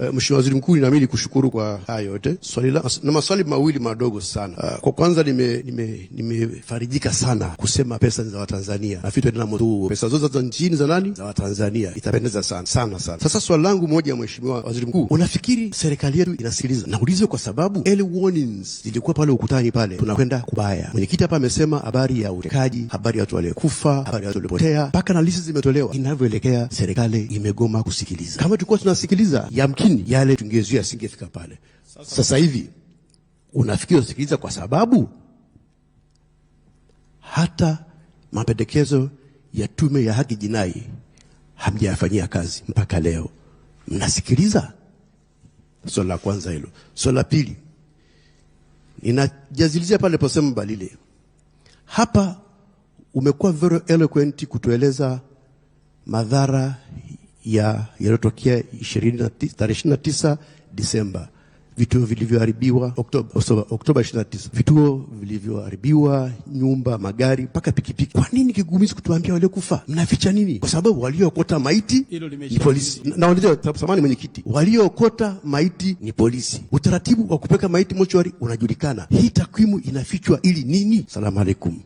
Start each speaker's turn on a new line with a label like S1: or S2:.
S1: Uh, Mheshimiwa Waziri Mkuu, ninaamini kushukuru kwa haya yote. Swali la na maswali mawili madogo sana. Uh, kwa kwanza nimefarijika nime, nime sana kusema pesa ni za Watanzania. Nafikiri tuende na Pesa zote za nchini za nani? Za Watanzania. Itapendeza sana sana sana. Sasa swali langu moja, Mheshimiwa Waziri Mkuu, unafikiri serikali yetu inasikiliza? Naulize kwa sababu early warnings zilikuwa pale ukutani pale, tunakwenda kubaya. Mwenyekiti hapa amesema habari ya utekaji, habari ya watu waliokufa, habari ya watu waliopotea, mpaka na lisi zimetolewa. Inavyoelekea serikali imegoma kusikiliza. Kama tulikuwa tunasikiliza yamkini maskini, yale tungezuia yasingefika pale. Sasa hivi unafikiri usikiliza, kwa sababu hata mapendekezo ya tume ya haki jinai hamjayafanyia kazi mpaka leo. Mnasikiliza? Swala la kwanza hilo. Swala la pili, ninajazilizia pale posema Balile, hapa umekuwa very eloquent kutueleza madhara yaliyotokea tarehe 29 Disemba, vituo vilivyoharibiwa Oktoba, oh, Oktoba 29, vituo vilivyoharibiwa, nyumba, magari mpaka pikipiki. Kwa nini kigumizi kutuambia waliokufa? Mnaficha nini? Kwa sababu waliookota maiti ni polisi. Naonea samani, mwenyekiti, waliookota maiti ni polisi. Utaratibu wa kupeka maiti mochwari unajulikana. Hii takwimu inafichwa ili nini? Salamu alaikum.